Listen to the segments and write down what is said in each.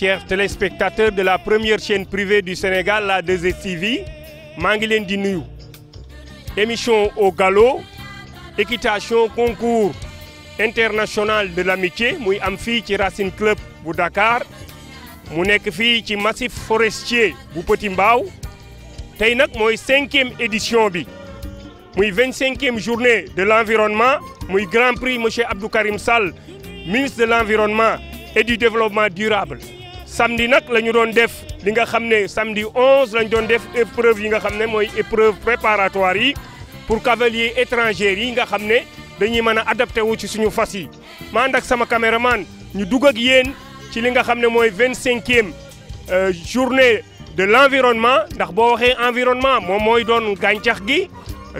chers téléspectateurs de la première chaîne privée du Sénégal la 2STV maa ngi leen di nuyu émission au galop équitation concours international de la l'amitié muy am fii ci Racine Club bu Dakar mu nekk fii ci massif forestier bu Petit Mbaaw tey nag mooy cinquième édition bi muy vingt-cinquième journée de l'environnement muy grand prix monsieur Abdou Karim Sall ministre de l'environnement et du développement durable samedi nag la ñu doon def li nga xam ne samedi 11 la ñu doon def épreuve yi nga xam ne mooy épreuve préparatoire yi pour cavaliers étrangers yi nga xam ne dañuy mën a adapté wu ci suñu fas yi ma ànd ak sama caméraman ñu dugg ak yéen ci li nga xam ne mooy vingt cinquième euh, journée de l' environnement ndax boo waxee environnement moom mooy doon gàncax gi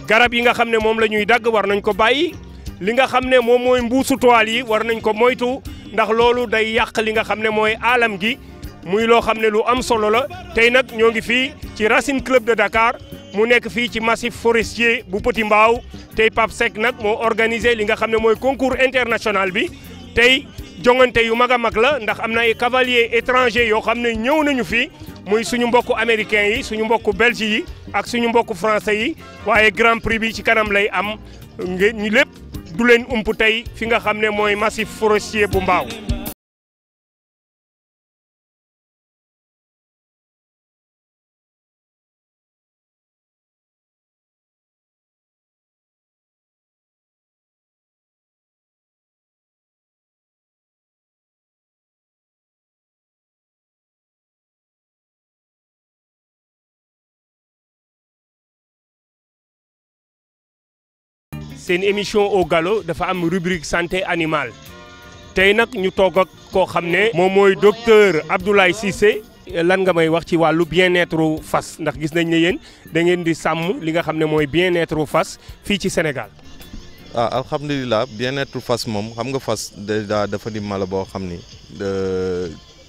garab yi nga xam ne moom la ñuy dagg war nañ ko bàyyi li nga xam ne moom mooy mbuusu toile yi war nañ ko moytu ndax loolu day yàq li nga xam ne mooy alam gi muy loo xam ne lu am solo la tey nag ñoo ngi fii ci Racine Club de Dakar mu nekk fii ci massif forestier bu Petit Mbao tey pap Seck nag moo organisé li nga xam ne mooy concours international bi tey jongante yu mag a mag la ndax am na ay cavalier étranger yoo xam ne ñëw nañu fii muy suñu mbokku américain yi suñu mbokku belge yi ak suñu mbokku français yi waaye grand prix bi ci kanam lay am ñu lépp du leen ump tey fi nga xam ne mooy massif forestier bu mbaaw seen émission au gallo dafa am rubrique santé animale tey nag ñu toog ak koo xam ne. moom mooy docteur Abdoulaye Cissé. lan nga may wax ci wàllu bien fas ndax gis nañ ne yéen da ngeen di sàmm li nga xam ne mooy bien-être fas fii ci Sénégal. ah alhamdulilah fas moom xam nga fas déjà dafa di mala boo xam ni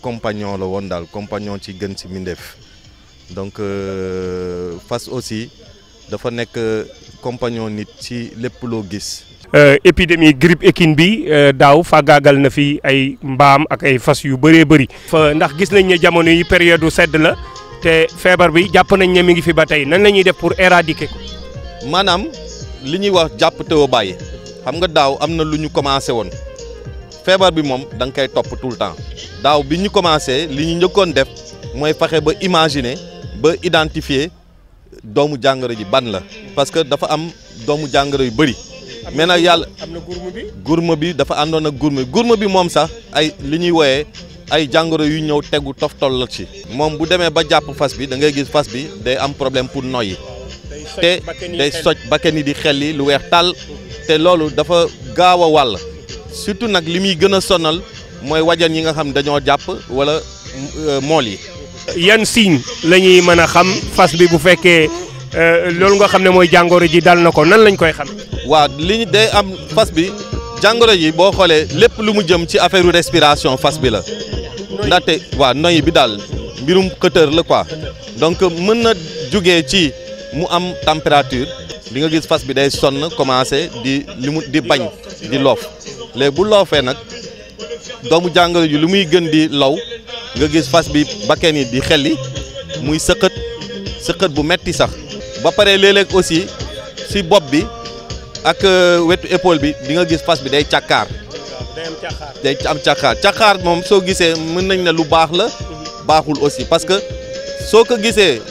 compagnon la woon daal compagnon ci gën ci mbindeef donc euh, fas aussi. dafa nekk euh, compagnon nit ci lépp loo gis. Euh, épidémie grippe équine bi euh, daaw fàggaagal na fi ay mbaam ak ay fas yu bëree bëri. fa ndax gis nañ ne jamono yi période sedd la te feebar bi jàpp nañ ne mi ngi fi ba tey nan la ñuy def pour éradiquer ko. maanaam li ñuy wax jàpp te woo bàyyi xam nga daaw am na lu ñu commencé woon feebar bi moom da nga koy topp tout le temps daaw bi ñu commencé li ñu njëkkoon def mooy fexe ba imaginer ba identifier. doomu jàngoro ji ban la parce que dafa am doomu jàngoro yu bëri. mais nag yàlla am na gurme bi. gurme bi dafa àndoon ak gurme gurme bi moom sax ay li ñuy woyee ay jàngoro yu ñëw tegu toftol la ci. moom bu demee ba jàpp fas bi da ngay gis fas bi day am problème pour noyyi. te day soj bakken yi di xel yi lu weex tàll. te loolu dafa gaaw a wàll. surtout nag li muy gën a sonal mooy wajan yi nga xam dañoo jàpp wala euh, mool yi. yan signe la ñuy mën a xam fas bi bu fekkee euh, loolu nga xam ne mooy jàngoro ji dal na ko nan lañu koy xam waa li day am fas bi jàngoro ji boo xoolee lépp lu mu jëm ci affaire respiration fas bi la ndaxte waa noy bi daal mbirum xëtër la quoi donc mën na jugee ci mu am température bi nga gis fas bi day sonn commencé di li mu di bañ di loof léegi bu loofee nag doomu jàngoro ji lu muy gën di law nga gis fas bi bakken yi di xelli muy sëqat sëqët bu metti sax ba pare léeg aussi si bopp bi ak euh, wetu épaule bi di nga gis fas bi day càkkaar day am càkkaar càkkaar moom soo gisee mën nañ ne lu baax la baaxul aussi parce que soo ko gisee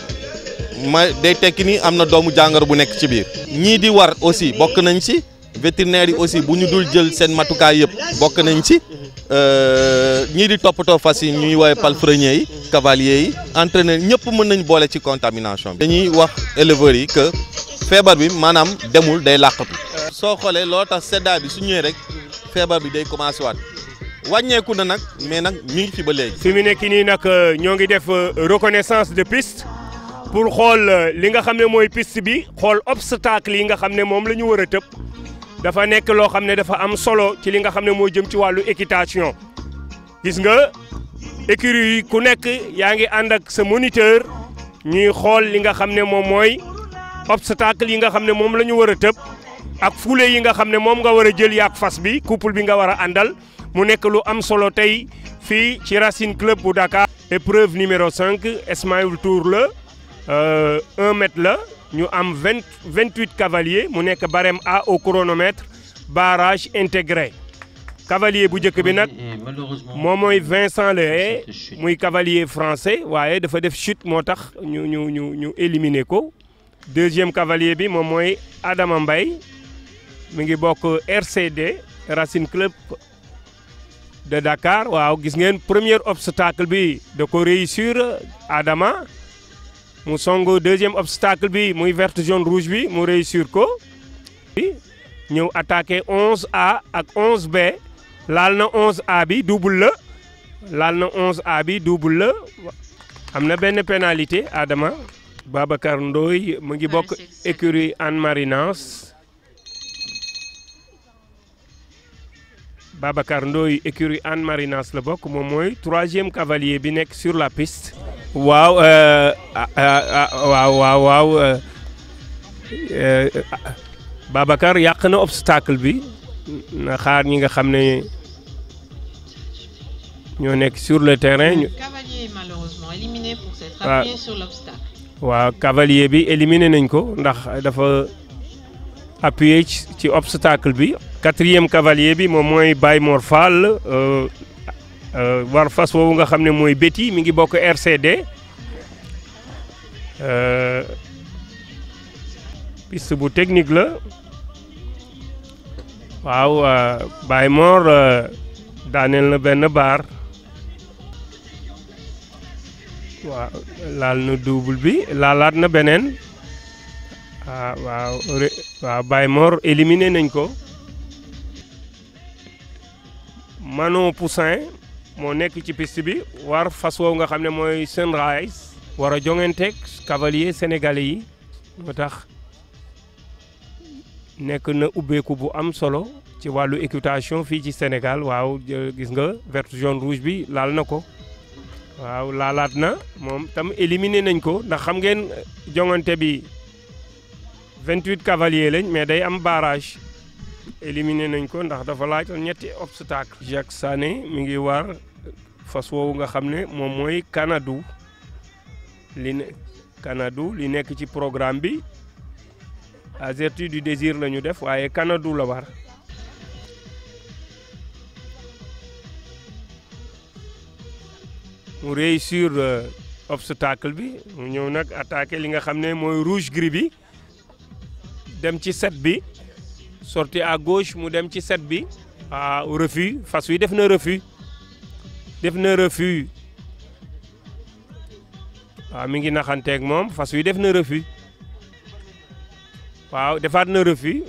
ma day tekki nii am na doomu jàngaro bu nekk ci biir ñii di war aussi bokk nañ si vétérinaires yi aussi bu ñu dul jël seen matukaay yëpp bokk nañ ci euh, ñii di toppatoo fas yi ñuy woowee palefreniers yi cavaliers yi entraîneurs ñëpp mën nañ boole ci contamination bi dañuy wax éleveurs yi que feebar bi maanaam demul day làqatu soo xoolee loo tax seddaay bi su ñëwee rek feebar bi day commencé waat wàññeeku na nag mais nag mi ngi ci ba léegi fi mu nekk nii nag euh, ñoo ngi def euh, reconnaissance de piste pour xool li nga xam ne mooy piste bi xool obstacle yi nga xam ne moom la ñu war a tëb dafa nekk loo xam ne dafa am solo ci li nga xam ne moo jëm ci wàllu équitation gis nga écurie yi ku nekk yaa ngi ànd ak sa moniteur ñuy xool li nga xam ne moom mooy obstacle yi nga xam ne moom la ñu war a tëb ak foule yi nga xam ne moom nga war a jël yaak fas bi couple bi nga war a àndal mu nekk lu am solo tey fii ci Racine Club bu Dakar épreuve numéro 5 Ismaïl Tour la 1 euh, mètre la ñu am vingt vingt huit cavaliers mu nekk barème A au chronomètre barrage intégré cavalier bu njëkk bi nag moo mooy Vincent Le Haye muy cavalier français waaye dafa def chute moo tax ñu ñu ñu éliminer ko deuxième cavalier bi moom mooy Adama mbay mu ngi bokk RCD Racing Club de Dakar waaw gis ngeen premier obstacle bi da ko réussir Adama mu song deuxième obstacle bi muy verte jaune rouge bi mu réussir ko. bi ñëw attaqué 11A ak 11B laal na 11A bi double la laal na 11A bi double la am na benn pénalité aadama Babacar Ndoye mu ngi bokk écurie Anne Marinance Babacar Ndoye écurie Anne Marinance la bokk moom mooy troisième cavalier bi nekk sur la piste. waaw euh, Ah, ah, ah, waaw waaw waaw euh, euh, Babacar yàq na obstacle bi na xaar ñi nga xam ne ñoo nekk sur le terrain. Cavalier malheureusement waaw cavalier bi éliminé nañ ko ndax dafa appuyé ci obstacle bi. quatrième cavalier bi moom mooy Baye Mor Fall war fas woowu nga xam ne mooy béti mi ngi bokk RCD. Euh, piste bu technique la waaw euh, Baye Mor euh, daaneel na benn baar waaw laal na double bi laalaat na beneen ah waaw waaw Baye éliminé nañ ko Manon Poussin moo nekk ci pist bi war fas woowu nga xam ne mooy Sunrise wara a jonganteeg cavalier sénégalais yi moo tax nekk na ubbeeku bu am solo ci wàllu équitation fii ci Sénégal waaw gis nga verte jaune rouge bi laal na ko waaw laalaat na moom tam éliminé nañ ko ndax xam ngeen jongante bi 28 cavalier lañ mais day am barrage éliminé nañ ko ndax dafa laaj ñetti obstacle Jacques Sané mi ngi war fas nga xam ne moom mooy Kanadu li ne Kanadu li nekk ci programme bi à vertu du désir la ñu def waaye kanadou la war mu réussir euh, obstacle bi mu ñëw nag attaqué li nga xam ne mooy rouge gris bi dem ci set bi sorti à gauche mu dem ci set bi à ah, refus fas wi def na refus def na refus waaw mi ngi naxanteeg moom fas wi def na refus waaw defaat na refus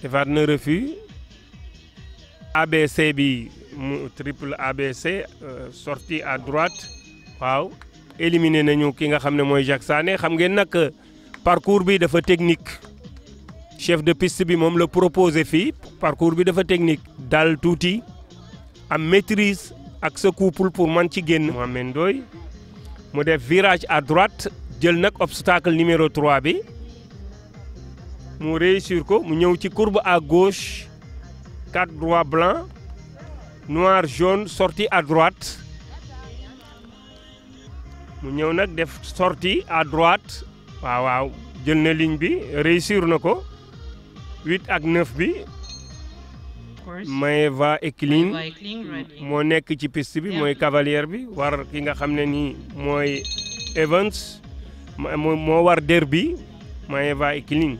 defaat na refus ABC bi mu triple ABC euh, sortie à droite waaw éliminé nañu ki nga xam ne mooy Jacques Sané xam ngeen nag parcours bi dafa technique chef de piste bi moom la proposé fii parcours bi dafa technique dal tuuti am maîtrise ak sa couple pour man ci génn. Mohamed Ndoye mu def virage à droit jël nag obstacle numéro troit bi mu réussir ko mu ñëw ci courbe à gauche 4 droit blanc noir jaune sortie à droite mu ñëw nag def sorti à droite waaw waaw jël na ligne bi réussir na ko 8 ak 9 bi. Maeva Eklin moo nekk ci pist bi mooy cavalière bi war ki nga xam ne nii mooy Evans moo war derby Maeva Eklin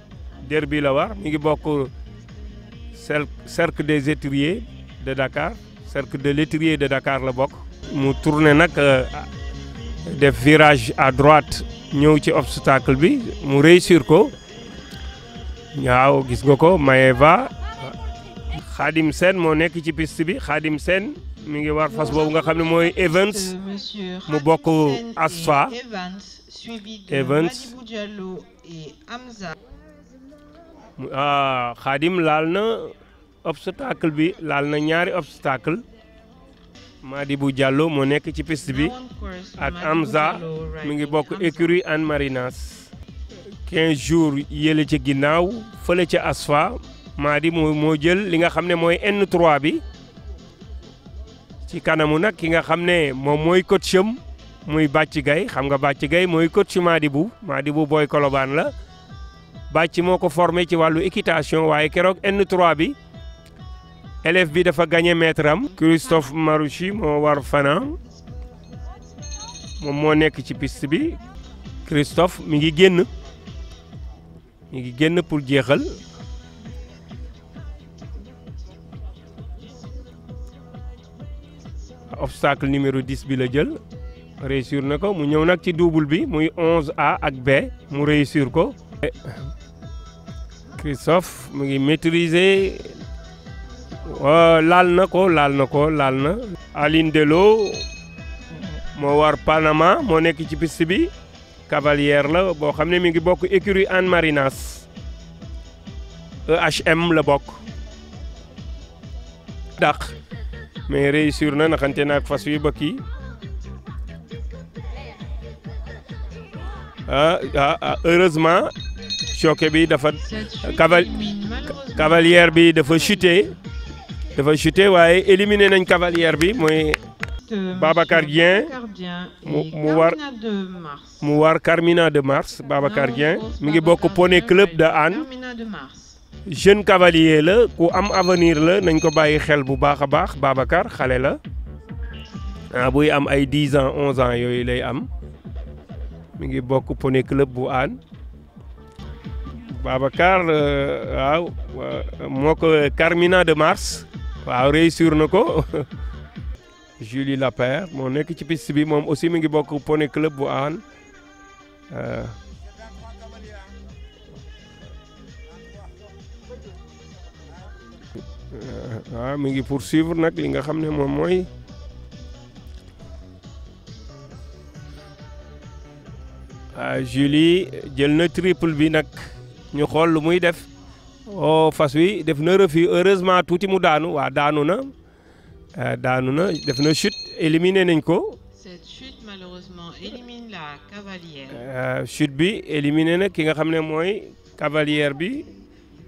derby la war mi ngi bokk cercle des étriers de dakaar cercle de l'étrier de dakaar la bokk mu tourné nag euh, def virage à droite ñëw ci obstacle bi mu réussir ko waaw gis nga ko Maeva xaadim seen moo nekk ci piste bi xaadim seen mi ngi war fas boobu nga xam ne mooy Evans euh, mu bokk Asfa Evans xaadim ah, laal na obstacle bi laal na ñaari obstacle Madibou Diallo moo nekk ci piste bi ak Amza mu ngi bokk écurie Anne Marinas 15 jours yële ca ginnaaw fële ci Asfa Madi moo moo jël li nga xam ne mooy N3 bi ci kanamu nag ki nga xam ne moom mooy coach am muy Bàcc Gay xam nga Bàcc Gay mooy coach Madi bu Madi bu booy kolobaan la Bàcc moo ko formé ci wàllu équitation waaye keroog N3 bi élève bi dafa gagné maître am. Christophe Marouchi moo war Fana moom moo nekk ci pist bi Christophe mi ngi génn mu ngi génn pour jeexal. obstacle numéro 10 bi la jël réussir na ko mu ñëw nag ci duubul bi muy 11A ak B mu réussir ko. Christophe mu ngi maîtriser euh, laal na ko laal na ko laal na. Aline Delo moo war Panama moo nekk ci piste bi cavalière la boo xam ne mi ngi bokk écurie Anne Marinas EHM la bokk. dàq. mais réussir na naxante naag fas wi ba kii ah, ah, ah heureusement choqué bi dafa caval cavalière bi dafa chuté dafa chuté waaye éliminé nañ cavalière bi mooy Babacar Dieng mu war mu war Carmina de Mars Babacar Dieng mi ngi bokk poney club de Anne jeune cavalier la ku am avenir la nañ ko bàyyi xel bu baax a baax Babacar xale la ah buy am ay dix ans onze ans yooyu lay am mu ngi bokk poney club bu aan Babacar euh, waaw euh, moo ko Carmina de Mars waaw réussir na ko Julie Lapère moo nekk ci piste bi moom aussi mu ngi bokk poney club bu aan. waaw eh, ah, mi ngi poursuivre nag li nga xam ne moom mooy ah Julie jël na triple bi nag ñu xool lu muy def oh, fas wi def na refi heureusement tuuti mu daanu waa daanu na eh, daanu na def na chute éliminé nañ ko. cette élimine la cavalière. Eh, bi éliminé na ki nga xam ne mooy cavalière bi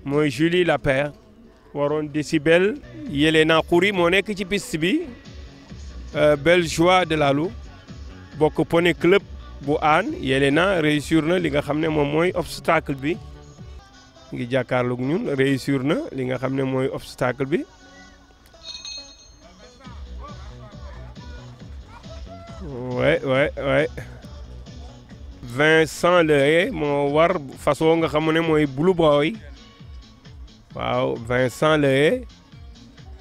mooy Julie Lapère. waroon décibel Yelena Khouri moo nekk ci piste bi euh, belle joie de Lalu bokk poney club bu aan Yelena réussir na li nga xam ne moom mooy obstacle bi ngi jàkkaarloog ñun réussir na li nga xam ne mooy obstacle bi ouais ouais ouais Vincent Lehe moo war façon nga xam ne mooy blue yi waaw Vincent le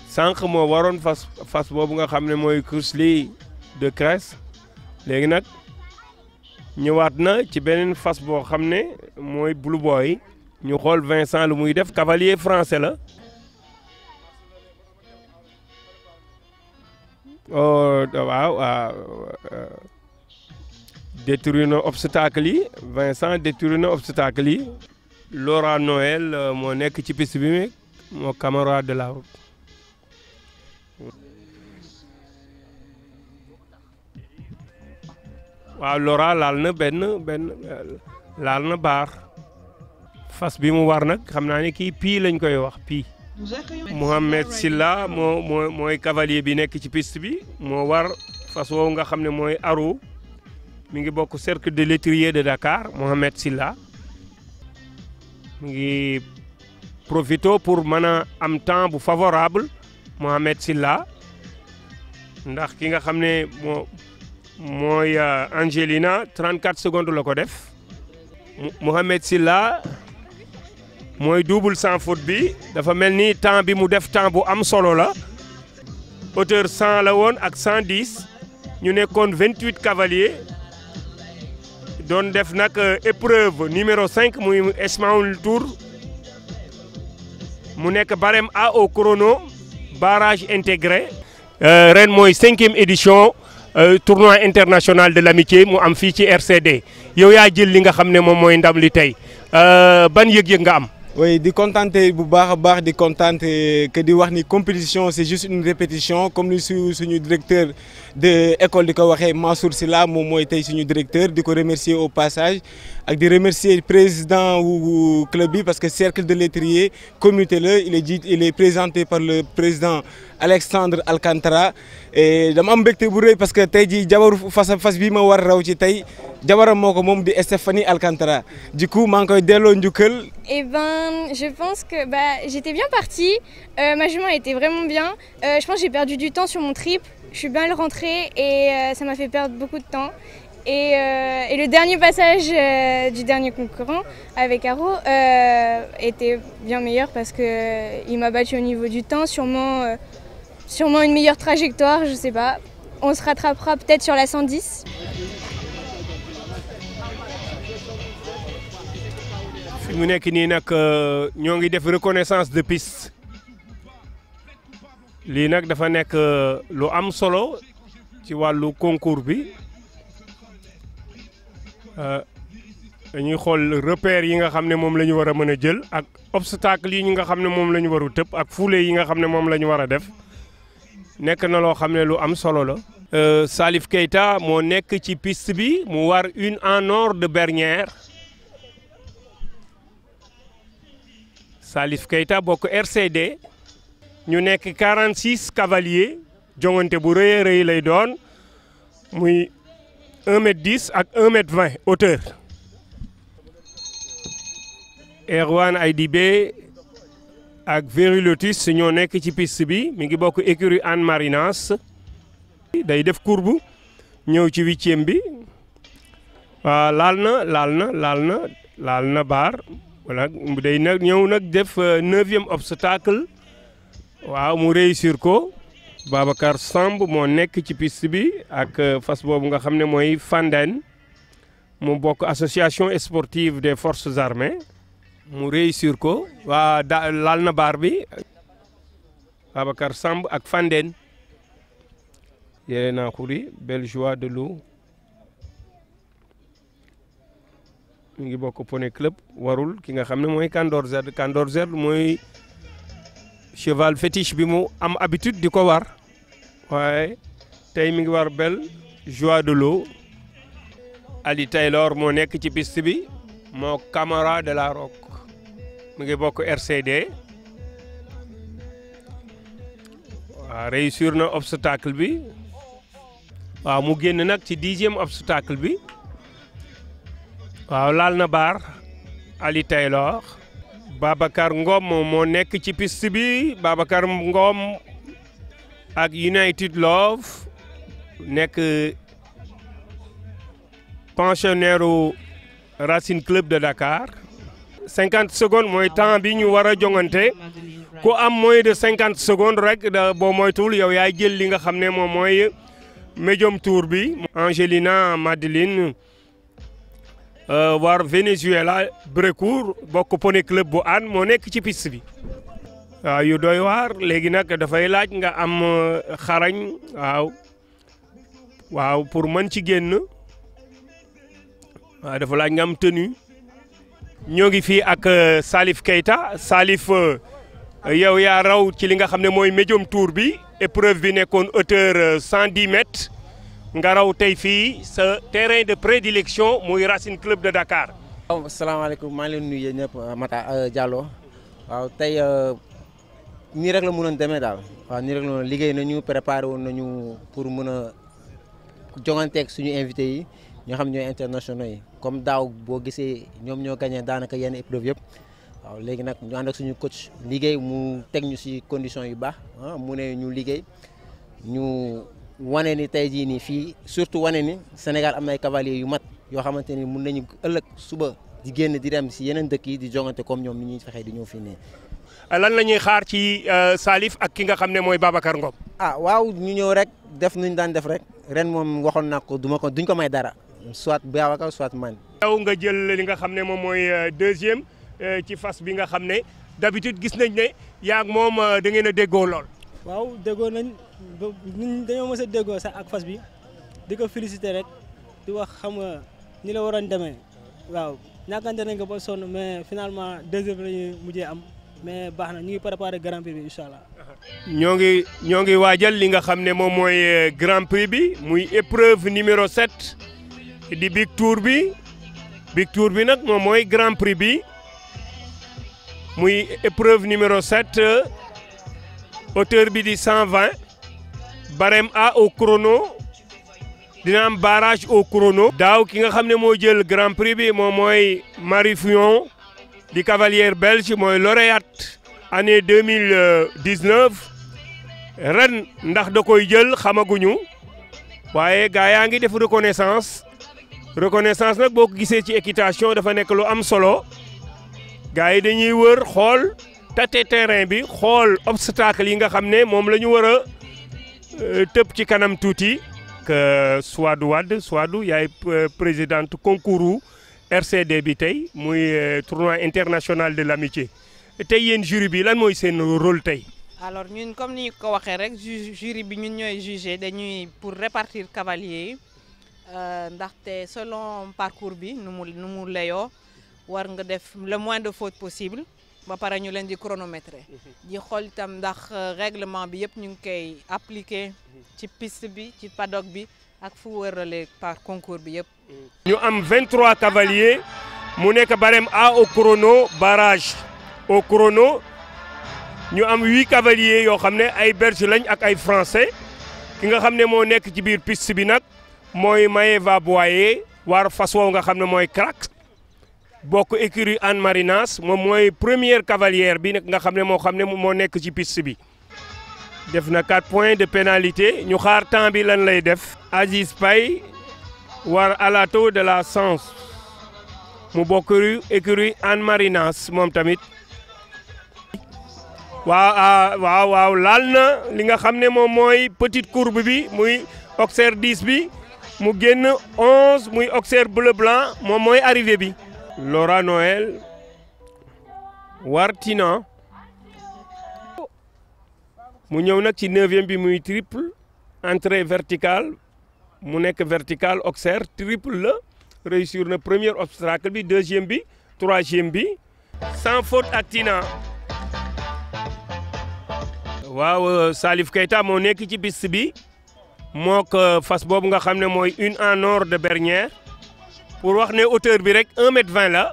sànq moo waroon fas fas boobu nga xam ne mooy course lii de Crest léegi nag ñëwaat na ci beneen fas boo xam ne mooy Blue Boy ñu xool Vincent lu muy def cavalier français la oh waaw détourné obstacle yi Vincent détourné obstacle yi Laura Noël euh, moo nekk ci piste bi moo camarade de la route. waaw Laura laal na benn benn euh, laal na baar fas bi mu war nag xam naa ni kii pii lañ koy wax pii. Mohamed Silla moo moo mooy cavalier bi nekk ci piste bi moo war fas woowu nga xam ne mooy aru mu ngi bokk cercle de l'étrier de Dakar Mohamed Silla. mu ngi profito pour mën a am temps bu favorable Mohamed Silla ndax ki nga xam ne moo mooy euh, Angelina 34 secondes la ko def Mohamed Silla mooy double sans faute bi dafa mel ni temps bi mu def temps bu am solo la hauteur 100 la woon ak 110 ñu nekkoon 28 cavaliers doon def nag euh, épreuve numéro 5 muy Ismaïl Tour mu nekk barème A au chrono barrage intégré. Euh, ren mooy cinquième édition euh, tournoi international de l'amitié mu am fii ci RCD yow yaa jël li nga xam ne moom mooy ndam li tey ban yëg-yëg nga am. oui di kontaan bu baax a baax di kontaan que di wax ni compétition c'est juste une répétition comme ni su suñu directeur de école di ko waxee Mansour la moom mooy tey suñu directeur di ko remercier au passage ak di remercier président wu club bi parce que cercle de l'étrier comité la il est jiit il présenté par le président Alexandre Alcantara et dama am mbégte bu rëy parce que tey jii jabaru fas fas bi ma war raw ci tey jabaram moo ko moom di Stéphanie Alcantara du coup maa ngi koy delloo njukkal. Eh je pense que bah j'étais bien partie euh, ma jument était vraiment bien euh, je pense j'ai perdu du temps sur mon trip je suis bien rentrée et euh, m'a fait perdre beaucoup de temps Et, euh, et, le dernier passage euh, du dernier concurrent avec Haro euh, était bien meilleur parce qu'il euh, m'a battu au niveau du temps, euh, sûrement, une meilleure trajectoire, je sais pas. On se rattrapera peut-être sur la 110. fi mu nekk nii nag euh, ñoo ngi def reconnaissance de piste lii nag dafa nekk lu am solo ci wàllu concours bi. Euh, dañuy xool repères yi nga xam ne moom la ñu war a mën a jël ak obstacle yi nga xam ne moom la ñu waru tëb ak foulée yi nga xam ne moom la ñu war a def nekk na loo xam ne lu am solo la. Euh, Salif Keita moo nekk ci piste bi mu war une en or de bernière Salif Keita bokk RCD ñu nekk 46 cavaliers jongante bu rëy rëy lay doon muy. 1 mètre 10 ak 1 mètre 20 hauteur Erwan ak Véry ñoo nekk ci pist bi mi ngi bokk écurie Anne Marinas day def courbe ñëw ci huitième bi waaw laal na laal na laal na laal na baar wala day ñëw nag def euh, neuvième obstacle waaw mu réussir ko Babacar Samb moo nekk ci piste bi ak euh, fas boobu nga xam ne mooy Fandène mu bokk association sportive des force armées mu réussir ko waa da laal na baar bi Babacar Samb ak fanden Yelena Khouri bel joie de l'eau mu ngi bokk poney club warul ki nga xam ne mooy Kandor Z Kandor Z mooy cheval fétiche bi mu am habitude di ko war waaye tey mi ngi war bel joie de l'eau Ali Taylor moo nekk ci piste bi moo Camara de la Roque mu ngi bokk RCD waaw réussir na obstacle bi waaw mu génn nag ci dixième obstacle bi waaw laal na baar Ali Taylor Babacar Ngom moo nekk ci piste bi Babacar Ngom ak United Love nekk pensionnaire u Racine de Dakar. 50 secondes mooy temps bi ñu war a joŋante ku am moins de 50 rek da boo moytuwul yow yaay jël li nga xam ne moom mooy médium tour bi. Angelina Madeline war euh, Venezuela Brécourt bokk pone club bu aan moo nekk ci piste bi. waaw ah, yu doy waar léegi nag dafay laaj nga am uh, xarañ waaw pour mën ci génn waaw ah, dafa laaj nga am tenue ñoo ngi fii ak uh, Salif Keita Salif uh, yow yaa raw ci li nga xam ne mooy médium tour bi épreuve bi nekkoon hauteur cent dix nga raw tey fii sa terrain de prédilection muy Racine Club de Dakar. waaw salaamaaleykum maa ngi leen nuyu yéen ñëpp Mata euh, waaw tey. Euh, nii rek la mënoon demee daal waaw nii rek la mënoon liggéey nañu préparé woon nañu pour mun a jonganteeg suñu invité yi ñoo xam ñooy internationaux yi comme daaw boo gisee ñoom ñoo gagné daanaka yenn épreuve yëpp waaw léegi nag ñu ànd ak suñu coach liggéey mu teg ñu si conditions yu baax ah mu ne ñu liggéey ñu wane ni tey jii nii fii surtout wane ni Sénégal am na ay yu mat yoo xamante ni mun nañu ëllëg suba di génn di dem si yeneen dëkk yi di jongante comme ñoom ni ñuy fexee di ñëw fii nii. lan la ñuy xaar ci euh, saalif ak ki nga xam ne mooy Babacar Ngom. ah waaw ñu ñëw rek def nuñ daan def rek ren moom waxoon naa ko duma ko duñ ko may dara soit Babacar soit man. yow nga jël li nga xam ne moom mooy euh, deuxième euh, ci fas bi nga xam ne d'habitude gis nañ ne yaa ngi moom da ngeen a déggoo lool. waaw déggoo nañ dañoo mës a déggoo sax ak fas bi di ko féliciter rek di wax xam nga ni la waroon demee waaw ñàkkante nañ ko ba sonn mais finalement deuxième la mujjee am. mais baax na ñu ngi préparé grand prix bi allah. ñoo ngi ñoo ngi waajal li nga xam ne moom mooy euh, grand prix bi muy épreuve numéro 7 di big tour bi big bi nag moom mooy grand prix bi muy épreuve numéro 7 euh, hauteur bi di 120 barème A au chrono dina am barrage au chrono. daaw ki nga xam ne moo jël grand prix bi moom mooy Marie Fillon di cavalier belge mooy loreyat année 2019 ren ndax da koy jël xamaguñu waaye gaa yaa ngi def reconnaissance reconnaissance nag boo ko gisee ci équitation dafa nekk lu am solo gaa yi dañuy wër xool tâter terrain bi xool obstacle yi nga xam ne moom la ñu war a euh, tëb ci kanam tuuti que Souadou Wade Souadou yaay euh, présidente concours RCD bi tey muy euh, tournoi international de l'amitié tey yéen juri bi lan mooy seen rôle tey. alors ñun comme ni ñu ko waxee rek jury bi ñun ñooy jugé dañuy pour répartir cavalier yi euh, ndaxte selon parcours bi nu mu nu mu layoo war nga def le moins de fautes possible ba pare ñu leen di chronométrer. Mhm. di xool itam ndax euh, règlement bi yëpp ñu ngi koy appliquer. ci piste bi ci paddock bi. ak fu wëralee par bi yëpp. ñu am 23 cavaliers mu nekk barème A au chrono barrage au chrono ñu am 8 cavaliers yoo xam ne ay belge lañ ak ay français ki nga xam ne moo nekk ci biir piste bi nag mooy Maeva Boye war fas woowu nga xam ne mooy crack bokk écurie Anne Marinas moom mooy première cavalière bi nag nga xam ne moo xam ne moo nekk ci piste bi. def na 4 points de pénalité ñu xaar temps bi lan lay def Aziz Paye war alato de la Sens mu bokk ru écurie Anne moom tamit waaw ah, waaw waaw laal na li nga xam ne moom mooy petite courbe bi muy oxer 10 bi mu génn 11 muy oxer bleu moom mooy arrivé bi Laura Noël Wartina mu ñëw nag ci neuvième bi muy triple entrée verticale mu nekk verticale oxer triple la réussir na première obstacle bi deuxième bi troisième bi sans faute ak Tina waaw euh, Salif Keita moo nekk ci piste bi moo mook euh, fas boobu nga xam ne mooy une en or de bernière pour wax ne hauteur bi rek 1 mètre 20 la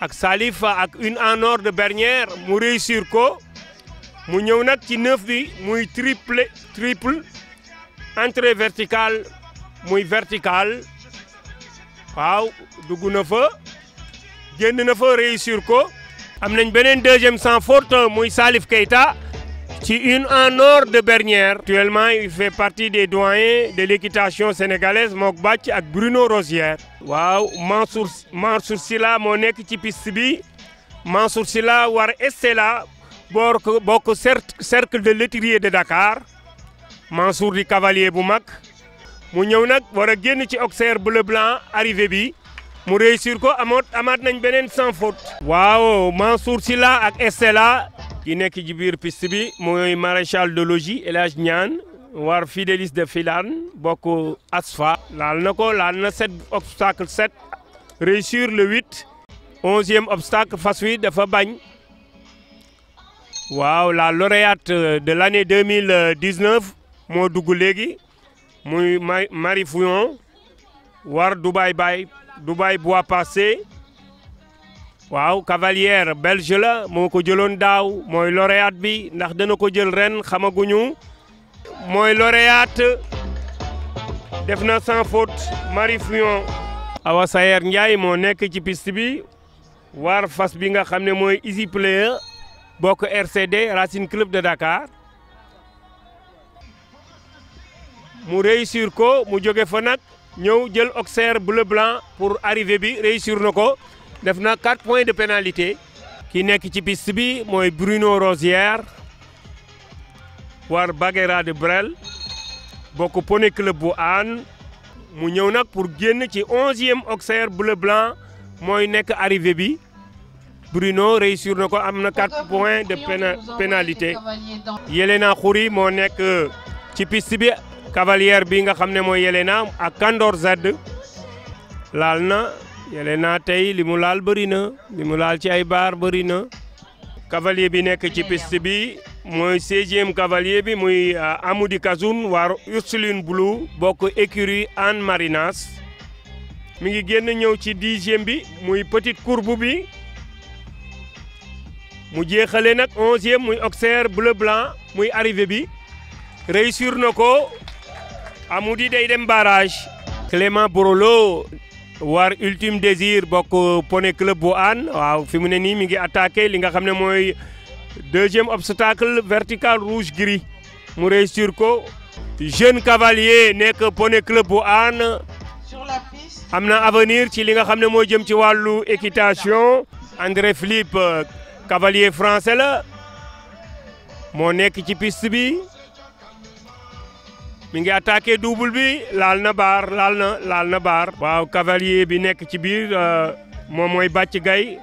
ak Salif ak une en or de bernière mu réussir ko mu ñëw nag ci neuf bi muy triple triple entrée verticale muy verticale waaw dugg na fa génn na fa réussir ko am nañ beneen deuxième sans faute muy Salif Keita ci une en or de Bernière actuellement il fait partie des doyens de l'équitation sénégalaise Mok Bac ak Bruno Rosière waaw Mansour Mansour Sila moo nekk ci pist bi Mansour Sila war Estella boo bokk cercle de l'étrier de Dakar Mansour di cavalier bu mag mu ñëw nag war a génn ci Auxerre bleu blan arrive bi mu réussir ko amoot amaat nañ beneen sans waaw waaw Mansour Sylla ak Estella ki nekk ci biir piste bi mooy maréchal de logis El Hadj Niane war Fidélis de Filane bokk Asfa. laal na ko laal na sept obstacle sept réussir le huit onzième obstacle fas wi dafa bañ. waaw la lauréate euh, de l' année deux mille dix neuf moo dugg léegi muy Marie Fouillon war Dubaï Baye Dubaï Bois Passé waaw cavalière belge la moo ko jëloon daaw mooy lauréate bi ndax dana ko jël ren xamaguñu mooy lauréate def na sans faute Marie Fouillon Awa Sayer Ndiaye moo nekk ci piste bi war fas bi nga xam ne mooy Easy Player boo ko bokk RCD Racine Club de Dakar mu réussir ko mu jóge fa nag ñëw jël Auxerre bleu blanc pour arrivée bi réussir na ko def na 4 points de pénalité ki nekk ci piste bi mooy Bruno Rosière war Baguera de Brel bokk Poney Club bu Hann mu ñëw nag pour génn ci onzième Auxerre bleu blanc mooy nekk arrivée bi Bruno réussir na ko am na 4 points de pénalité Yelena Khouri moo nekk euh, ci piste bi cavalière bi nga xam ne mooy Yelena ak Kandor Zadd laal na Yelena tey li mu laal bëri na li laal ci ay baar bari na cavalier bi nekk ci pist bi mooy 16e bi muy euh, Amoudi Kazoun waar Ursuline Blue bokk écurie Anne Marinas mi ngi génn ñëw ci dixième bi muy petite courbe bi mu jeexale nag onzième muy Auxerre bleu blanc muy arrivé bi réussir na ko Amady day dem barrage. Clément Borolo war ultime désir bokk poney club bu aan waaw fi mu ne nii mi ngi attaqué li nga xam ne mooy deuxième obstacle vertical rouge gris mu réussir ko. jeune cavalier nekk poney club bu aan am na avenir ci li nga xam ne mooy jëm ci wàllu équitation André Philippe. cavalier français la moo nekk ci piste bi mi ngi attaqué double bi laal na baar laal na laal na baar. waaw cavalier bi nekk ci biir euh, moom mooy bàcc gay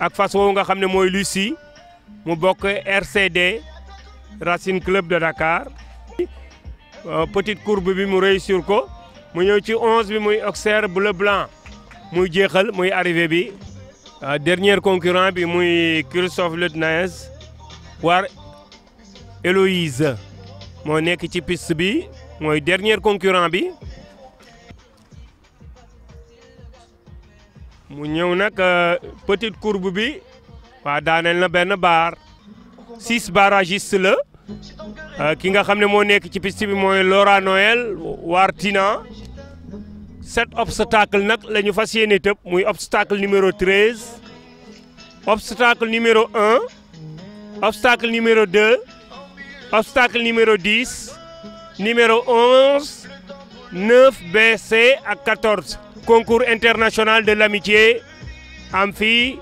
ak fas woowu nga xam ne mooy Lucie mu bokk RCD Racing Club de Dakar. Euh, petite courbe bi mu réussir ko mu ñëw ci onze bi muy Auxerre bleu blanc muy jeexal muy arrivé bi. Euh, dernier concurrent bi muy Christophe Lutnaens war Héloïse moo nekk ci pist bi mooy dernier concurrent bi mu ñëw nag euh, petite courbe bi waa daaneel na benn baar six barragistes la euh, ki nga xam ne moo nekk ci piste bi mooy Laura Noël Wartina cet obstacle nag lañu ñu fas yéene tëb muy obstacle numéro 13 numéro 1 obstacle numéro numéro 10 numéro bc ak concours international de l'amitié am fii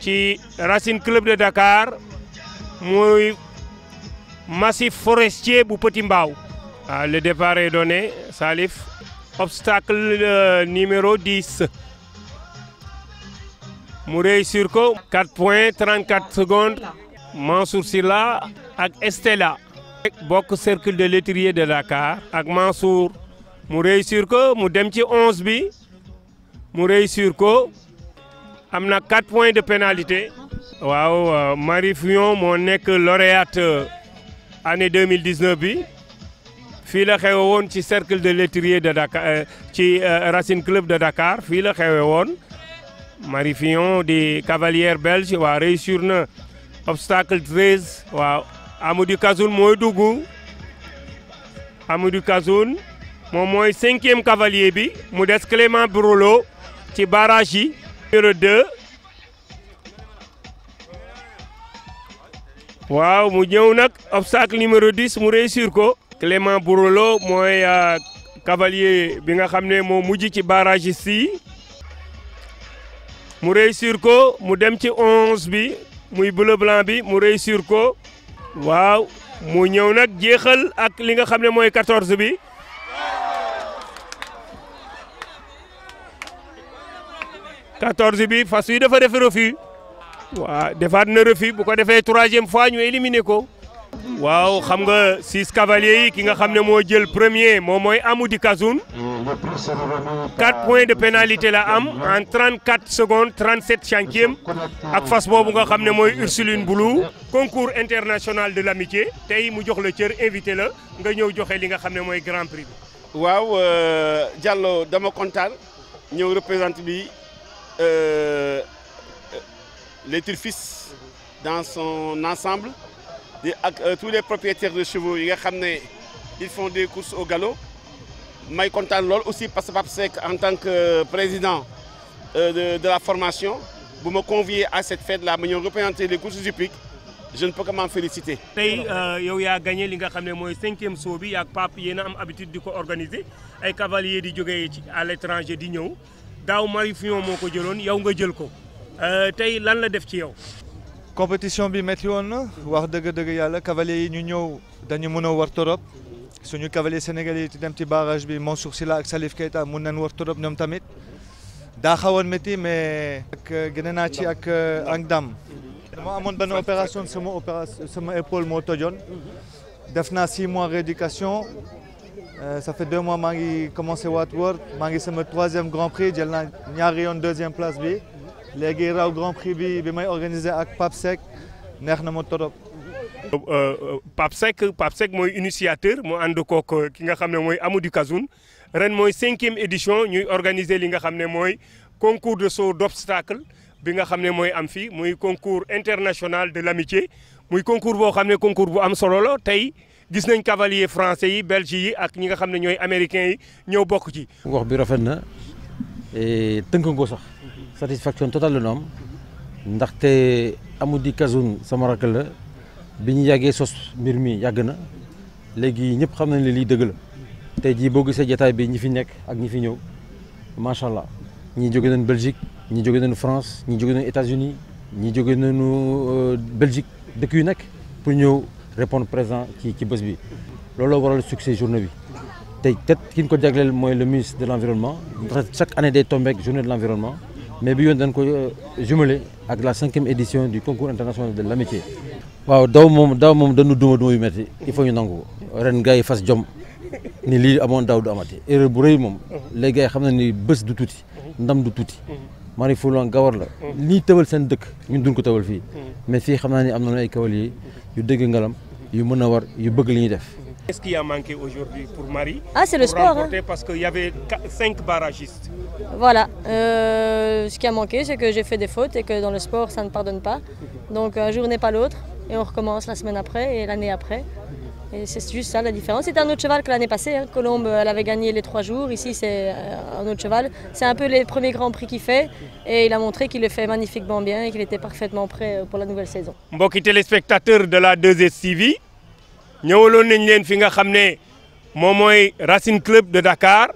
ci Racine Club de Dakar muy massif forestier bu Petit Mbao. Ah, le départ est donné Salif. obstacle euh, numéro 10 mu réussir ko 4 points 34 secondes Mansour Silla ak Estella bokk cercle de l'étrier de Dakar ak Mansour mu réussir ko mu dem ci 11 bi mu réussir ko am na 4 points de pénalité waaw euh, Marie Fillon moo nekk lauréate euh, année 2019 bi fii la xewe woon ci cercle de l'étrier de Dakar euh, ci euh, Racine de Dakar fii la xewe woon Marifion di cavalière belge waa réussir na obstacle 13 waaw Amadou Kazoun mooy dugg Amadou Kazoun moom mooy cinquième cavalier bi mu des Clément Brolo ci barrage yi numéro waaw mu ñëw nag obstacle numéro 10 mu réussir ko Clément Bourolo mooy euh, cavalier bi nga xam ne moo mujj ci barrage si mu réussir ko mu dem ci onze bi muy bleu blanc bi mu réussir ko waaw mu ñëw nag jeexal ak li nga xam ne mooy quatorze bi quatorze bi fas yi dafa def refus waaw defaat na refus bu ko defee troisième fois ñu éliminé ko waaw xam nga six cavaliers yi ki nga xam ne moo jël premier moom mooy Amoudy Kazoun. 4 points de pénalité la am en 34 secondes 37 centièmes ak fas boobu nga xam ne mooy Ursuline Boulou. concours international de la l'amitié tey mu jox la cër invité la nga ñëw joxe li nga xam ne mooy grand prix waaw euh, Diallo dama kontaan ñëw représente bi euh, euh, les fis dans son ensemble. ak euh, tous les propriétaires de chevaux yi nga xam ne ils font des courses au galop may kontaan loolu aussi parce que Pape Seck en tant que euh, président euh, de de la formation bu ma convié à cette fête la ma ñëw représenter les courses hippiques je ne peux que m'en féliciter. tey yow yaa gagné li nga xam ne mooy cinquième saut bi yaag Pape yéen am habitude di ko organiser ay cavaliers di joge ci à l'étranger di ñëw daaw Marifion moo ko jëloon yow nga jël ko tey lan la def ci yow. compétition bi métti woon na wax dëgg-dëgg yàlla cavalier yi ñu ñëw dañu mën a war torop suñu cavalier sénégalais yi di dem ti barrage bi Mansour Sylla ak Salif Keita mun nañ war torop ñoom tamit daa xawoon métti mais. ak euh, gën naa ci ak euh, ak dam dama amoon benn opération sama opération sama épaule moo tojoon def naa six mois rééducation euh, ça fait deux mois maa ngi commencé Watworth maa ngi sama troisième Grand Prix jël naa ñaari yoon deuxième place bi. léegi raw grand prix bi bi may organisé ak Pape Seck neex na ma torop euh, euh, Pape Seck Pape Seck mooy initiateur moo ànd euh, ki nga xam ne mooy Amadou Kazoun ren mooy cinquième édition ñuy organiser li nga xam ne mooy concours de saut d'obstacle bi nga xam ne mooy am fii muy concours international de l'amitié muy concours boo xam ne concours bu am solo la tey gis nañ cavalier français yi belge yi ak ñi nga xam ne ñooy américains yi ñëw bokku ci. wax bi rafet na tënk ngoo sax. satisfaction totale la ñu am ndaxte Amady Kazoun sama rakk la bi ñu yàggee sos mbir mi yàgg na léegi ñëpp xam nañ ne lii dëgg la tey jii boo gisee jataay bi ñi fi nekk ak ñi fi ñëw macha allah ñii jóge nañ Belgique ñii jóge nañ France ñii jóge nañ États-Unis ñii jóge nañu euh, Belgique dëkk yu nekk pour ñëw répondre présent ci ci bés bi looloo waral succès journée bi tey tet ki ñu ko jagleel mooy le ministre de l' environnement ndax chaque année day tombe ak mais bi yoon dañ ko euh, jumelé ak la cinquième édition du concours international de l'amitié waaw daw moom daw moom dañu duma duma yu metti il faut ñu nangu ko ren gars yi fas jom ni lii amoon daaw du amati erreur bu rëy moom les gars yi xam na ni bés du tuuti ndam du tuuti mari fulan gawar la lii tëbal seen dëkk ñun duñ ko tëbal fii mais fii xam naa ni am na ay cavaliers yu dégg ngalam yu mën a war yu bëgg li ñuy def Qu'est-ce qui a manqué aujourd'hui pour Marie Ah, c'est le sport. Hein. Parce qu'il y avait 5 barragistes. Voilà. Euh, ce qui a manqué, c'est que j'ai fait des fautes et que dans le sport, ça ne pardonne pas. Donc, un jour n'est pas l'autre. Et on recommence la semaine après et l'année après. Et c'est juste ça la différence. C'était un autre cheval que l'année passée. Hein. Colombe, elle avait gagné les trois jours. Ici, c'est euh, un autre cheval. C'est un peu les premiers grands prix qu'il fait. Et il a montré qu'il le fait magnifiquement bien et qu'il était parfaitement prêt pour la nouvelle saison. Mbokki téléspectateurs de la 2 TV ñëwaloon nañ leen fi nga xam ne moom mooy Racine Club de dakaar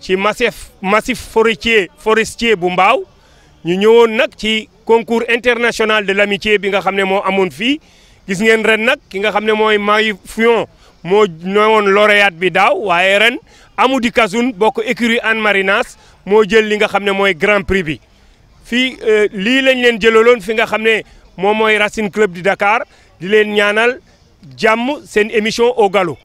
ci massif massif forestier forestier bu mbaaw ñu ñëwoon nag ci concours international de l'amitié bi nga xam ne moo amoon fii gis ngeen ren nag ki nga xam ne mooy may Fion moo ñëwoon lauréat bi daaw waaye ren Amoudy Kazoun bokk écurie Anne marinage moo jël li nga xam ne mooy grand prix bi fii euh, lii lañ leen jëlaloon fi nga xam ne moom mooy Racine Club du dakaar di leen ñaanal jàmm seen émission au galop